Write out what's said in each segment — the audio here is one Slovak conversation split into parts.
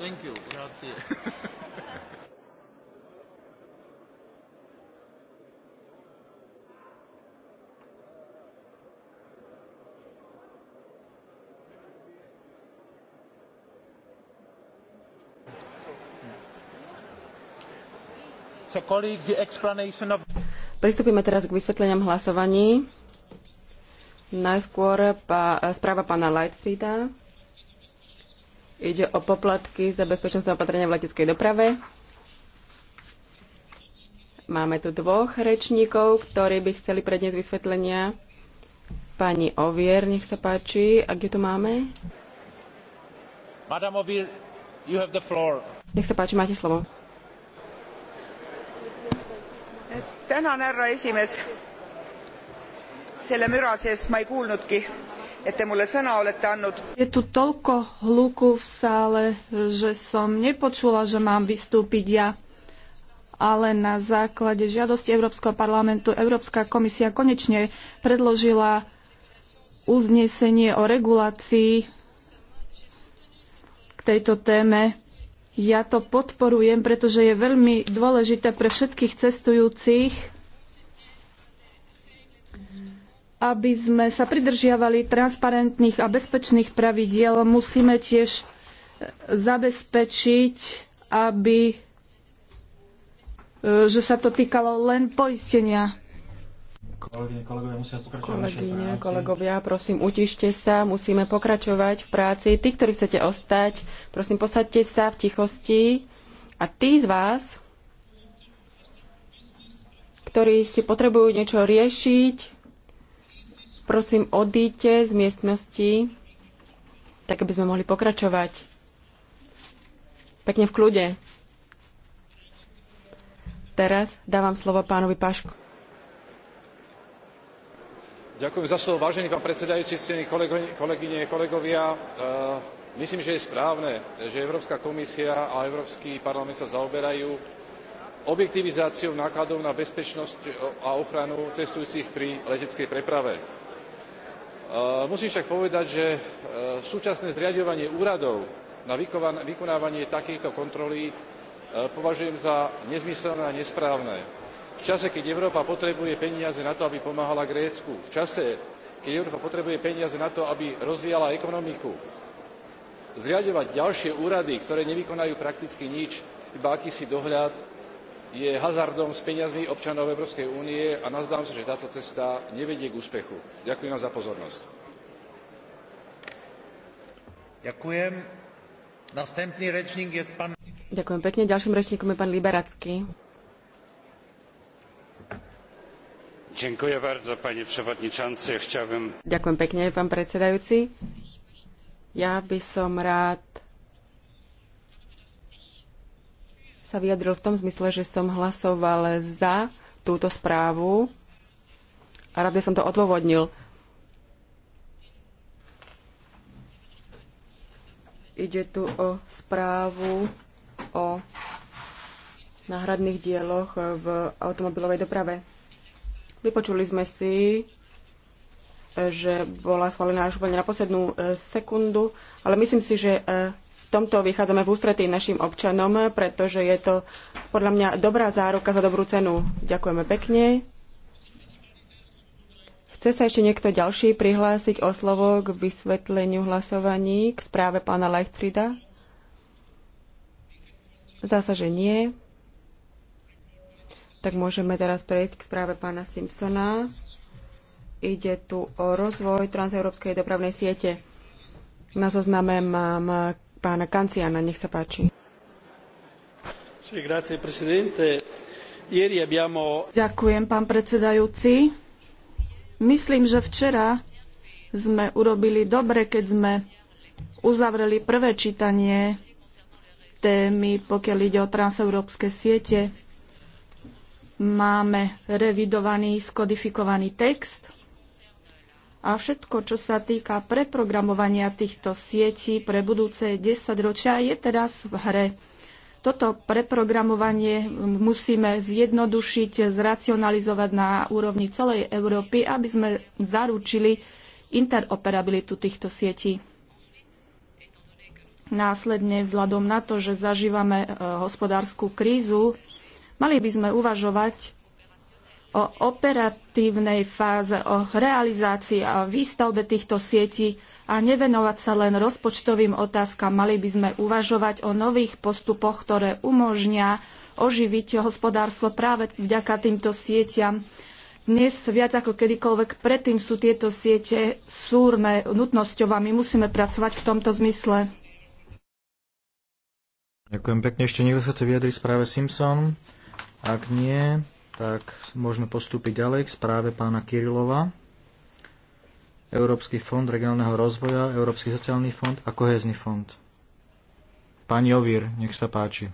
Thank you. Grazie. So, colleagues, the explanation of... Pristúpime teraz k vysvetleniam hlasovaní. Najskôr pa, správa pána Lightfrieda. Ide o poplatky za bezpečnostné opatrenia v leteckej doprave. Máme tu dvoch rečníkov, ktorí by chceli predniesť vysvetlenia. Pani Ovier, nech sa páči, ak ju tu máme. Madame Ovier, you have the floor. Nech sa páči, máte slovo. Tänan, härra esimees. Selle müra sees ma ei kuulnudki je tu toľko hluku v sále, že som nepočula, že mám vystúpiť ja. Ale na základe žiadosti Európskeho parlamentu Európska komisia konečne predložila uznesenie o regulácii k tejto téme. Ja to podporujem, pretože je veľmi dôležité pre všetkých cestujúcich, aby sme sa pridržiavali transparentných a bezpečných pravidiel, musíme tiež e, zabezpečiť, aby e, že sa to týkalo len poistenia. Kolegyne, kolegovia, prosím, utište sa, musíme pokračovať v práci. Tí, ktorí chcete ostať, prosím, posaďte sa v tichosti. A tí z vás, ktorí si potrebujú niečo riešiť, Prosím, odíďte z miestnosti, tak aby sme mohli pokračovať. Pekne v kľude. Teraz dávam slovo pánovi Pašku. Ďakujem za slovo, vážený pán predsedajúci, ctení kolegyne, kolegovia. E, myslím, že je správne, že Európska komisia a Európsky parlament sa zaoberajú objektivizáciou nákladov na bezpečnosť a ochranu cestujúcich pri leteckej preprave Eh, musím však povedať že eh, súčasné zriaďovanie úradov na vykonávanie takejto kontroly eh, považujem za nezmyselné a nesprávne. v čase keď európa potrebuje peniaze na to aby pomáhala grécku v čase keď európa potrebuje peniaze na to aby rozvíjala ekonomiku zriaďovať ďalšie úrady ktoré nevykonajú prakticky nič iba akýsi dohľad je hazardom s peniazmi občanov európskej únie a nazdávam sa že táto cesta nevedie k úspechu. ďakujem vám za pozornosť. Ďakujem. Ďakujem pekne. Ďalším rečníkom je pán Liberacký. bardzo, panie przewodniczący. Chciałbym... Ďakujem pekne, pán predsedajúci. Ja by som rád sa vyjadril v tom zmysle, že som hlasoval za túto správu a rád by som to odôvodnil. Ide tu o správu o náhradných dieloch v automobilovej doprave. Vypočuli sme si, že bola schválená až úplne na poslednú eh, sekundu, ale myslím si, že eh, tomto vychádzame v ústretí našim občanom, pretože je to podľa mňa dobrá záruka za dobrú cenu. Ďakujeme pekne. Chce sa ešte niekto ďalší prihlásiť o slovo k vysvetleniu hlasovaní k správe pána Leichtrida? Zdá sa, že nie. Tak môžeme teraz prejsť k správe pána Simpsona. Ide tu o rozvoj transeurópskej dopravnej siete. Na zozname mám pána Kanciana. Nech sa páči. Ďakujem, pán predsedajúci. Myslím, že včera sme urobili dobre, keď sme uzavreli prvé čítanie témy, pokiaľ ide o transeurópske siete. Máme revidovaný, skodifikovaný text a všetko, čo sa týka preprogramovania týchto sietí pre budúce 10 ročia, je teraz v hre. Toto preprogramovanie musíme zjednodušiť, zracionalizovať na úrovni celej Európy, aby sme zaručili interoperabilitu týchto sietí. Následne, vzhľadom na to, že zažívame e, hospodárskú krízu, mali by sme uvažovať o operatívnej fáze, o realizácii a výstavbe týchto sietí a nevenovať sa len rozpočtovým otázkam. Mali by sme uvažovať o nových postupoch, ktoré umožnia oživiť hospodárstvo práve vďaka týmto sieťam. Dnes viac ako kedykoľvek predtým sú tieto siete súrne nutnosťou a my musíme pracovať v tomto zmysle. Ďakujem pekne. Ešte niekto sa chce vyjadriť správe Simpson? Ak nie, tak môžeme postúpiť ďalej k správe pána Kirilova. Európsky fond regionálneho rozvoja, Európsky sociálny fond a kohezný fond. Pani Ovír, nech sa páči.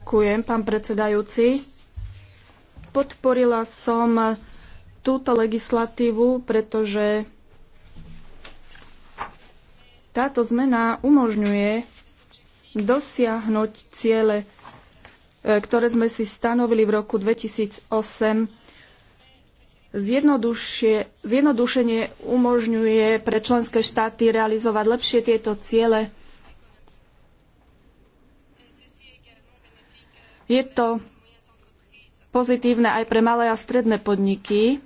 Ďakujem, pán predsedajúci. Podporila som túto legislatívu, pretože táto zmena umožňuje dosiahnuť ciele, e, ktoré sme si stanovili v roku 2008. Zjednodušenie umožňuje pre členské štáty realizovať lepšie tieto ciele. Je to pozitívne aj pre malé a stredné podniky.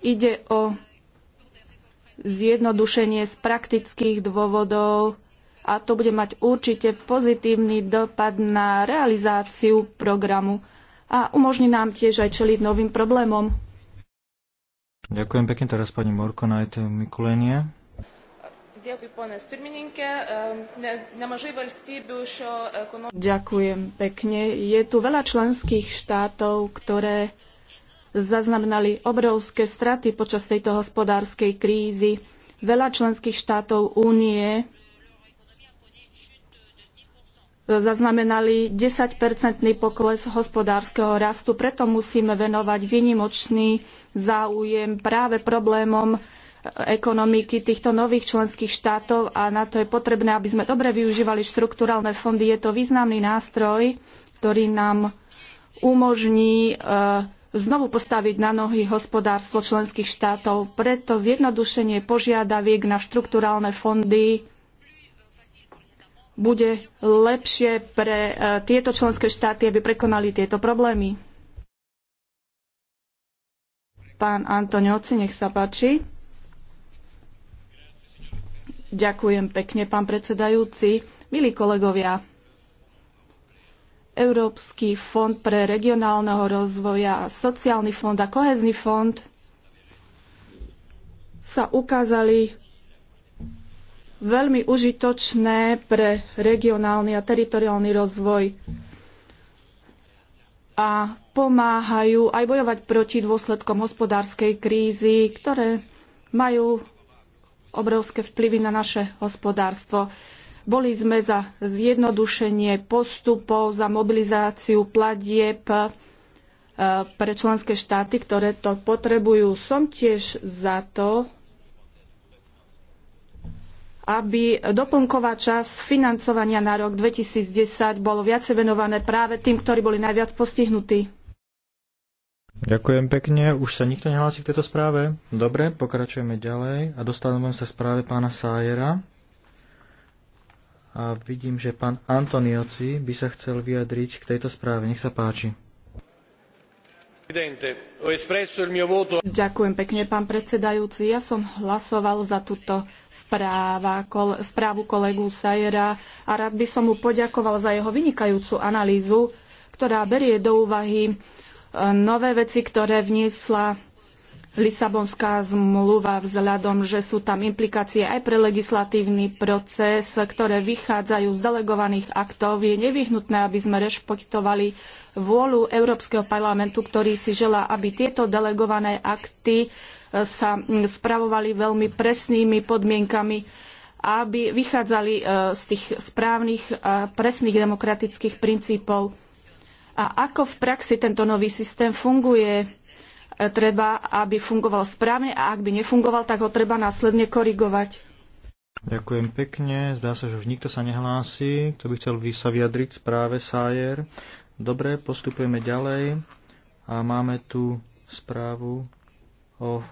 Ide o zjednodušenie z praktických dôvodov a to bude mať určite pozitívny dopad na realizáciu programu a umožní nám tiež aj čeliť novým problémom. Ďakujem pekne teraz pani Morkonajt Mikulenie. Ehm, e, Ďakujem pekne. Je tu veľa členských štátov, ktoré zaznamenali obrovské straty počas tejto hospodárskej krízy. Veľa členských štátov únie zaznamenali 10-percentný pokles hospodárskeho rastu, preto musíme venovať výnimočný záujem práve problémom ekonomiky týchto nových členských štátov a na to je potrebné, aby sme dobre využívali štrukturálne fondy. Je to významný nástroj, ktorý nám umožní e, znovu postaviť na nohy hospodárstvo členských štátov. Preto zjednodušenie požiadaviek na štrukturálne fondy bude lepšie pre e, tieto členské štáty, aby prekonali tieto problémy. Pán Antoniovci, nech sa páči. Ďakujem pekne, pán predsedajúci. Milí kolegovia, Európsky fond pre regionálneho rozvoja, sociálny fond a kohezný fond sa ukázali veľmi užitočné pre regionálny a teritoriálny rozvoj a pomáhajú aj bojovať proti dôsledkom hospodárskej krízy, ktoré majú obrovské vplyvy na naše hospodárstvo. Boli sme za zjednodušenie postupov, za mobilizáciu platieb e, pre členské štáty, ktoré to potrebujú. Som tiež za to, aby doplnková časť financovania na rok 2010 bolo viacej venované práve tým, ktorí boli najviac postihnutí. Ďakujem pekne. Už sa nikto nehlási k tejto správe? Dobre, pokračujeme ďalej a dostávame sa správe pána Sájera. A vidím, že pán Antonioci by sa chcel vyjadriť k tejto správe. Nech sa páči. Ďakujem pekne, pán predsedajúci. Ja som hlasoval za túto správa, kol, správu kolegu Sajera a rád by som mu poďakoval za jeho vynikajúcu analýzu, ktorá berie do úvahy e, nové veci, ktoré vniesla Lisabonská zmluva vzhľadom, že sú tam implikácie aj pre legislatívny proces, ktoré vychádzajú z delegovaných aktov, je nevyhnutné, aby sme rešpektovali vôľu Európskeho parlamentu, ktorý si želá, aby tieto delegované akty e, sa spravovali veľmi presnými podmienkami, aby vychádzali e, z tých správnych, presných demokratických princípov. A ako v praxi tento nový systém funguje? E, treba, aby fungoval správne a ak by nefungoval, tak ho treba následne korigovať. Ďakujem pekne. Zdá sa, že už nikto sa nehlási. Kto by chcel sa vyjadriť správe Sajer? Dobre, postupujeme ďalej a máme tu správu o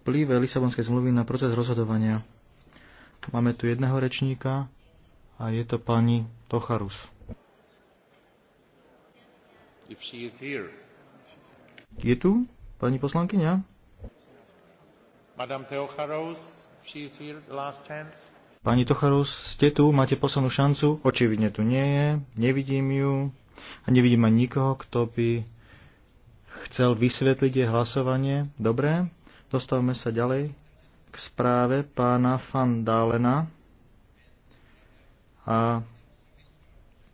vplyve Lisabonskej zmluvy na proces rozhodovania. Máme tu jedného rečníka a je to pani Tocharus. If she is here. Je tu pani poslankyňa? Madame Teocharous, she is here, last chance. Pani Tocharus, ste tu, máte poslednú šancu, očividne tu nie je, nevidím ju a nevidím ani nikoho, kto by chcel vysvetliť jej hlasovanie. Dobre, dostávame sa ďalej k správe pána Van Dálena a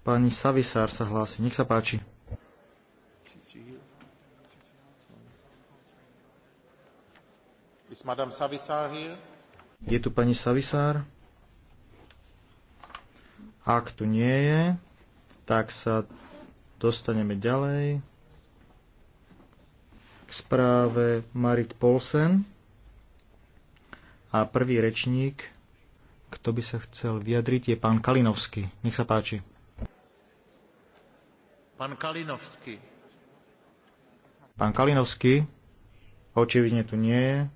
pani Savisár sa hlási. Nech sa páči. Is Madame here? Je tu pani Savisár? Ak tu nie je, tak sa dostaneme ďalej k správe Marit Polsen. A prvý rečník, kto by sa chcel vyjadriť, je pán Kalinovský. Nech sa páči. Pán Kalinovský. Pán Kalinovský očividne tu nie je.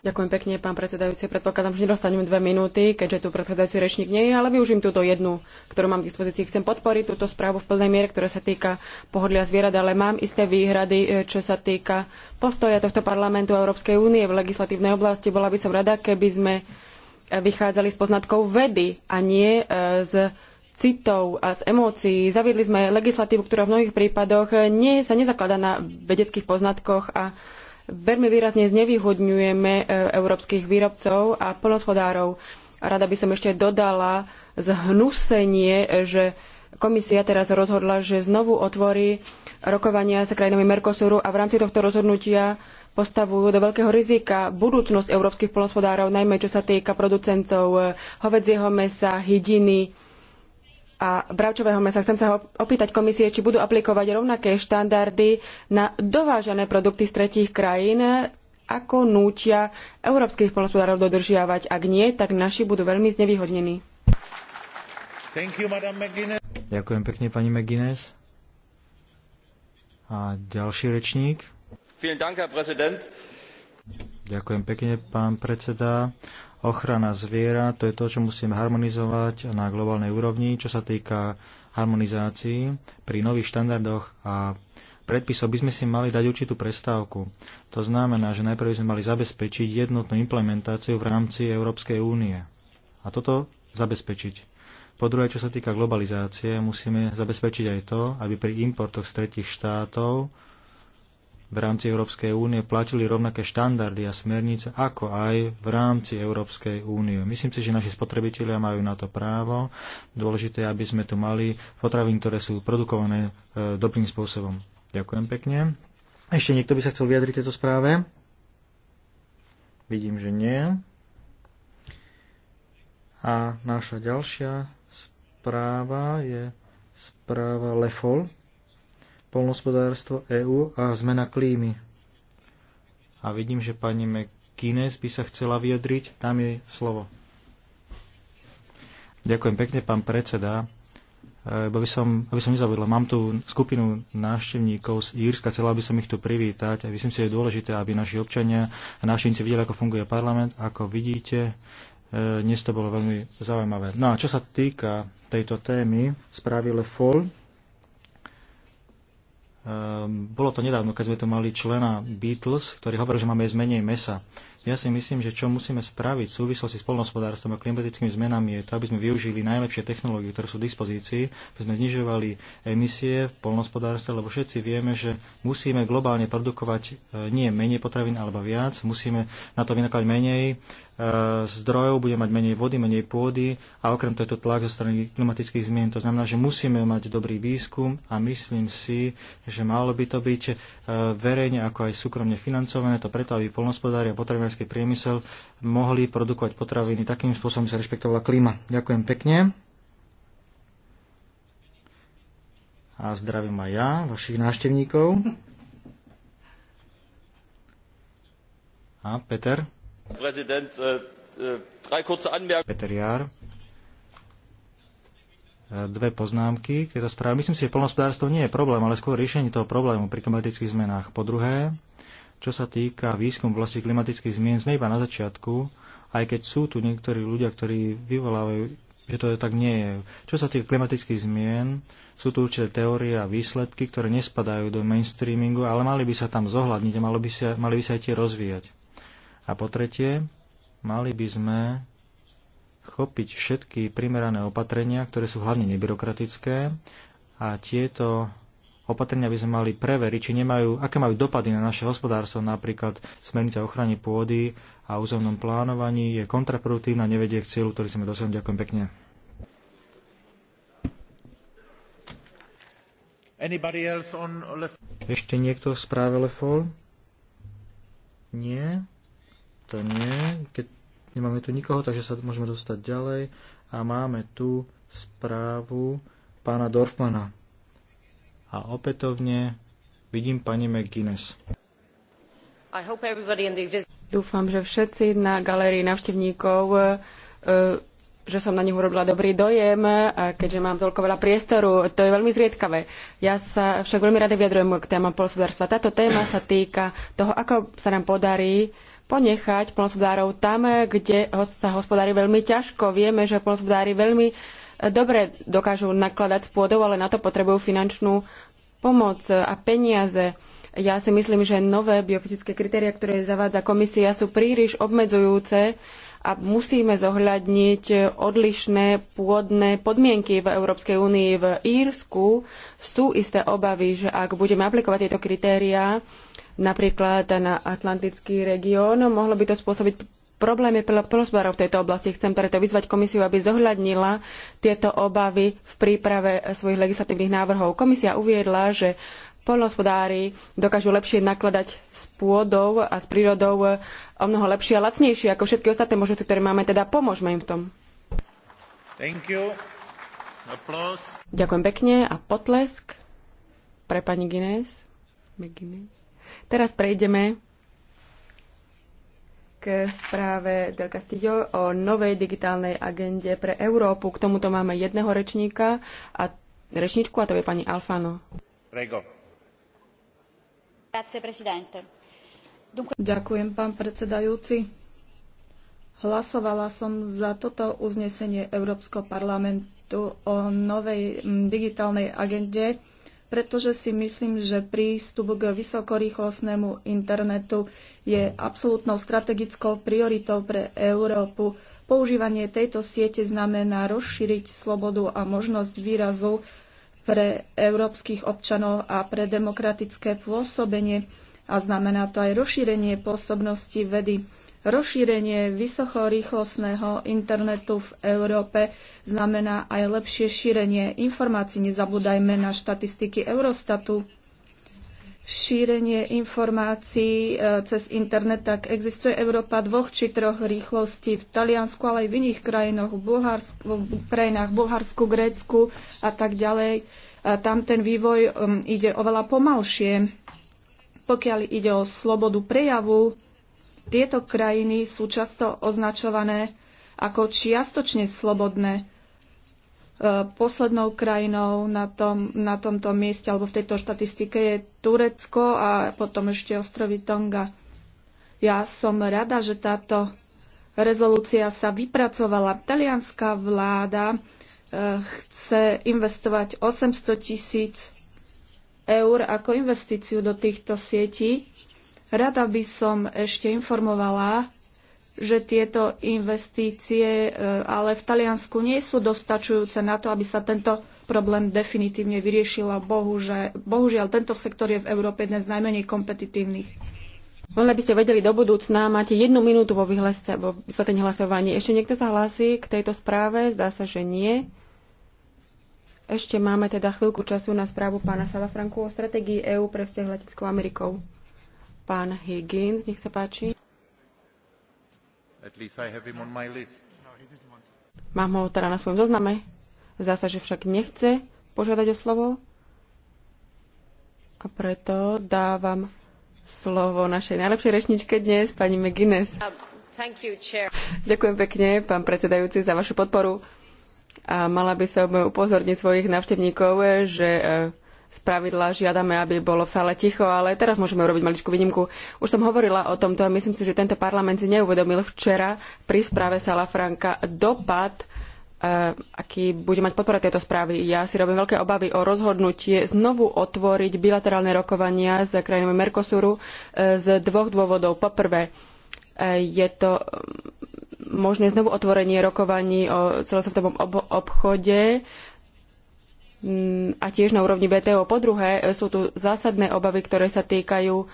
Ďakujem pekne, pán predsedajúci. Predpokladám, že nedostaneme dve minúty, keďže tu predchádzajúci rečník nie je, ale využijem túto jednu, ktorú mám k dispozícii. Chcem podporiť túto správu v plnej miere, ktorá sa týka pohodlia zvierat, ale mám isté výhrady, e, čo sa týka postoja tohto parlamentu Európskej únie v legislatívnej oblasti. Bola by som rada, keby sme e, vychádzali z poznatkov vedy a nie e, z citov a z emócií. Zaviedli sme legislatívu, ktorá v mnohých prípadoch nie, sa nezakladá na vedeckých poznatkoch a veľmi výrazne znevýhodňujeme e, európskych výrobcov a polnospodárov. Rada by som ešte dodala zhnusenie, že komisia teraz rozhodla, že znovu otvorí rokovania s krajinami Mercosuru a v rámci tohto rozhodnutia postavujú do veľkého rizika budúcnosť európskych polnospodárov, najmä čo sa týka producentov e, hovedzieho mäsa, hydiny, a bravčového mesa. Chcem sa ho opýtať komisie, či budú aplikovať rovnaké štandardy na dovážané produkty z tretích krajín, ako nútia európskych polospodárov dodržiavať. Ak nie, tak naši budú veľmi znevýhodnení. You, Ďakujem pekne, pani McGuinness. A ďalší rečník. Dank, Ďakujem pekne, pán predseda ochrana zviera, to je to, čo musíme harmonizovať na globálnej úrovni. Čo sa týka harmonizácií, pri nových štandardoch a predpisov by sme si mali dať určitú prestávku. To znamená, že najprv sme mali zabezpečiť jednotnú implementáciu v rámci Európskej únie. A toto zabezpečiť. Po druhé, čo sa týka globalizácie, musíme zabezpečiť aj to, aby pri importoch z tretich štátov v rámci Európskej únie platili rovnaké štandardy a smernice, ako aj v rámci Európskej únie. Myslím si, že naši spotrebitelia majú na to právo. Dôležité, aby sme tu mali potraviny, ktoré sú produkované e, dobrým spôsobom. Ďakujem pekne. Ešte niekto by sa chcel vyjadriť tejto správe? Vidím, že nie. A naša ďalšia správa je správa Lefol, polnospodárstvo EÚ a zmena klímy. A vidím, že pani McInnes by sa chcela vyjadriť. Tam je slovo. Ďakujem pekne, pán predseda. Aby e, som, aby som nezabudla, mám tu skupinu návštevníkov z Írska, chcela by som ich tu privítať a myslím si, že je dôležité, aby naši občania a návštevníci videli, ako funguje parlament. Ako vidíte, e, dnes to bolo veľmi zaujímavé. No a čo sa týka tejto témy, spravil FOL, Ehm, bolo to nedávno, keď sme tu mali člena Beatles, ktorý hovoril, že máme jesť menej mesa. Ja si myslím, že čo musíme spraviť v súvislosti s polnohospodárstvom a klimatickými zmenami je to, aby sme využili najlepšie technológie, ktoré sú v dispozícii, aby sme znižovali emisie v polnohospodárstve, lebo všetci vieme, že musíme globálne produkovať e, nie menej potravín alebo viac, musíme na to vynakladať menej E, zdrojov, bude mať menej vody, menej pôdy a okrem toho je tlak zo strany klimatických zmien. To znamená, že musíme mať dobrý výskum a myslím si, že malo by to byť e, verejne ako aj súkromne financované, to preto, aby polnospodári a potravinársky priemysel mohli produkovať potraviny takým spôsobom, sa rešpektovala klíma. Ďakujem pekne. A zdravím aj ja, vašich návštevníkov. A Peter? Äh, äh, äh, dve poznámky k tejto správe. Myslím si, že poľnohospodárstvo nie je problém, ale skôr riešenie toho problému pri klimatických zmenách. Po druhé, čo sa týka výskumu vlasti klimatických zmien, sme iba na začiatku, aj keď sú tu niektorí ľudia, ktorí vyvolávajú, že to tak nie je. Čo sa týka klimatických zmien, sú tu určité teórie a výsledky, ktoré nespadajú do mainstreamingu, ale mali by sa tam zohľadniť a mali by sa, mali by sa aj tie rozvíjať. A po tretie, mali by sme chopiť všetky primerané opatrenia, ktoré sú hlavne nebyrokratické a tieto opatrenia by sme mali preveriť, či nemajú, aké majú dopady na naše hospodárstvo, napríklad smernica ochrany pôdy a územnom plánovaní je kontraproduktívna, nevedie k cieľu, ktorý sme dosiahli. Ďakujem pekne. Ešte niekto v správe Lefol? Nie to nie. Keď nemáme tu nikoho, takže sa môžeme dostať ďalej. A máme tu správu pána Dorfmana. A opätovne vidím pani McGuinness. The... Dúfam, že všetci na galerii návštevníkov e, e, že som na nich urobila dobrý dojem, keďže mám toľko veľa priestoru. To je veľmi zriedkavé. Ja sa však veľmi rada vyjadrujem k témam polospodárstva. Táto téma sa týka toho, ako sa nám podarí ponechať polnospodárov tam, kde sa hospodári veľmi ťažko. Vieme, že polnospodári veľmi e, dobre dokážu nakladať s pôdou, ale na to potrebujú finančnú pomoc a peniaze. Ja si myslím, že nové biofyzické kritéria, ktoré zavádza komisia, sú príliš obmedzujúce a musíme zohľadniť odlišné pôdne podmienky v Európskej únii. V Írsku sú isté obavy, že ak budeme aplikovať tieto kritériá napríklad na Atlantický región, mohlo by to spôsobiť problémy plosbarov v tejto oblasti. Chcem preto teda vyzvať komisiu, aby zohľadnila tieto obavy v príprave svojich legislatívnych návrhov. Komisia uviedla, že Poľnohospodári dokážu lepšie nakladať s pôdou a s prírodou e, o mnoho lepšie a lacnejšie ako všetky ostatné možnosti, ktoré máme, teda pomôžme im v tom. Ďakujem pekne a potlesk pre pani Guinness. McGuinness. Teraz prejdeme k správe Del Castillo o novej digitálnej agende pre Európu. K tomuto máme jedného rečníka a rečníčku a to je pani Alfano. Prego. Ďakujem, pán predsedajúci. Hlasovala som za toto uznesenie Európskeho parlamentu o novej digitálnej agende, pretože si myslím, že prístup k vysokorýchlostnému internetu je absolútnou strategickou prioritou pre Európu. Používanie tejto siete znamená rozšíriť slobodu a možnosť výrazu pre európskych občanov a pre demokratické pôsobenie a znamená to aj rozšírenie pôsobnosti vedy. Rozšírenie vysokorýchlostného internetu v Európe znamená aj lepšie šírenie informácií. Nezabúdajme na štatistiky Eurostatu šírenie informácií e, cez internet, tak existuje Európa dvoch či troch rýchlostí v Taliansku, ale aj v iných krajinoch, v, Bulharsku, v krajinách Bulharsku, Grécku a tak ďalej. A tam ten vývoj um, ide oveľa pomalšie. Pokiaľ ide o slobodu prejavu, tieto krajiny sú často označované ako čiastočne slobodné. E, poslednou krajinou na, tom, na tomto mieste alebo v tejto štatistike je Turecko a potom ešte ostrovy Tonga. Ja som rada, že táto rezolúcia sa vypracovala. Talianská vláda e, chce investovať 800 tisíc eur ako investíciu do týchto sietí. Rada by som ešte informovala že tieto investície e, ale v Taliansku nie sú dostačujúce na to, aby sa tento problém definitívne vyriešil bohužiaľ, bohužiaľ tento sektor je v Európe jeden z najmenej kompetitívnych. Len aby ste vedeli do budúcna, máte jednu minútu vo, vyhlese, vo vysvetlení hlasovaní. Ešte niekto sa hlási k tejto správe? Zdá sa, že nie. Ešte máme teda chvíľku času na správu pána Salafranku o stratégii EÚ pre vzťah leteckou Amerikou. Pán Higgins, nech sa páči. No, Mám ho teda na svojom zozname. Zdá sa, že však nechce požiadať o slovo. A preto dávam slovo našej najlepšej rečničke dnes, pani McGuinness. Um, Ďakujem pekne, pán predsedajúci, za vašu podporu. A mala by som upozorniť svojich návštevníkov, že Spravidla žiadame, aby bolo v sále ticho, ale teraz môžeme urobiť maličkú výnimku. Už som hovorila o tomto a myslím si, že tento parlament si neuvedomil včera pri správe Sala Franka dopad eh, aký bude mať podpora tejto správy. Ja si robím veľké obavy o rozhodnutie znovu otvoriť bilaterálne rokovania s krajinami Mercosuru eh, z dvoch dôvodov. Poprvé, eh, je to mm, možné znovu otvorenie rokovaní o celosvetovom obchode Mm, a tiež na úrovni BTO. Po druhé, e, sú tu zásadné obavy, ktoré sa týkajú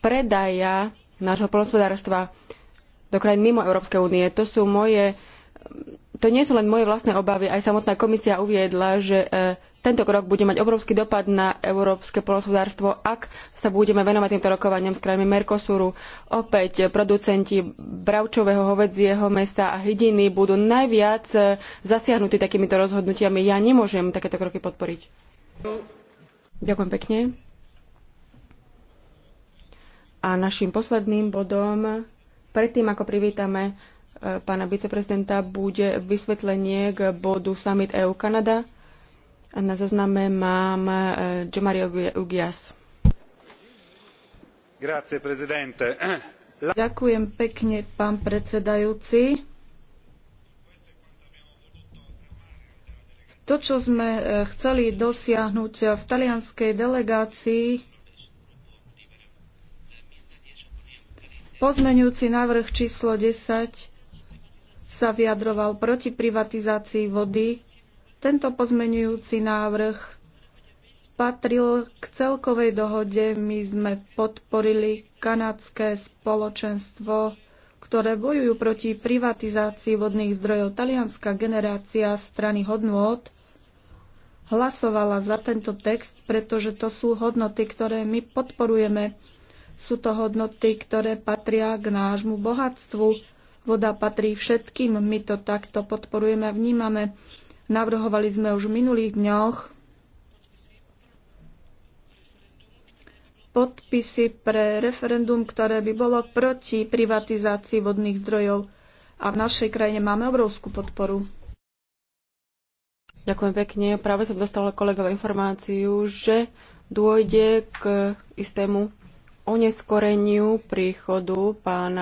predaja nášho poľnospodárstva do krajín mimo Európskej únie. To sú moje to nie sú len moje vlastné obavy, aj samotná komisia uviedla, že e, tento krok bude mať obrovský dopad na európske poľnohospodárstvo, ak sa budeme venovať týmto rokovaniam s krajmi Mercosuru. Opäť producenti bravčového hovedzieho mäsa a hydiny budú najviac eh, zasiahnutí takýmito rozhodnutiami. Ja nemôžem takéto kroky podporiť. Ďakujem pekne. A našim posledným bodom, predtým ako privítame eh, pána viceprezidenta, bude vysvetlenie k bodu Summit EU Kanada. Na zozname mám e, Giomari Ugias. Ďakujem pekne, pán predsedajúci. To, čo sme e, chceli dosiahnuť v talianskej delegácii, pozmeňujúci návrh číslo 10 sa vyjadroval proti privatizácii vody tento pozmenujúci návrh patril k celkovej dohode. My sme podporili kanadské spoločenstvo, ktoré bojujú proti privatizácii vodných zdrojov. Talianská generácia strany hodnôt hlasovala za tento text, pretože to sú hodnoty, ktoré my podporujeme. Sú to hodnoty, ktoré patria k nášmu bohatstvu. Voda patrí všetkým, my to takto podporujeme a vnímame. Navrhovali sme už v minulých dňoch podpisy pre referendum, ktoré by bolo proti privatizácii vodných zdrojov. A v našej krajine máme obrovskú podporu. Ďakujem pekne. Práve som dostala kolegov informáciu, že dôjde k istému oneskoreniu príchodu pána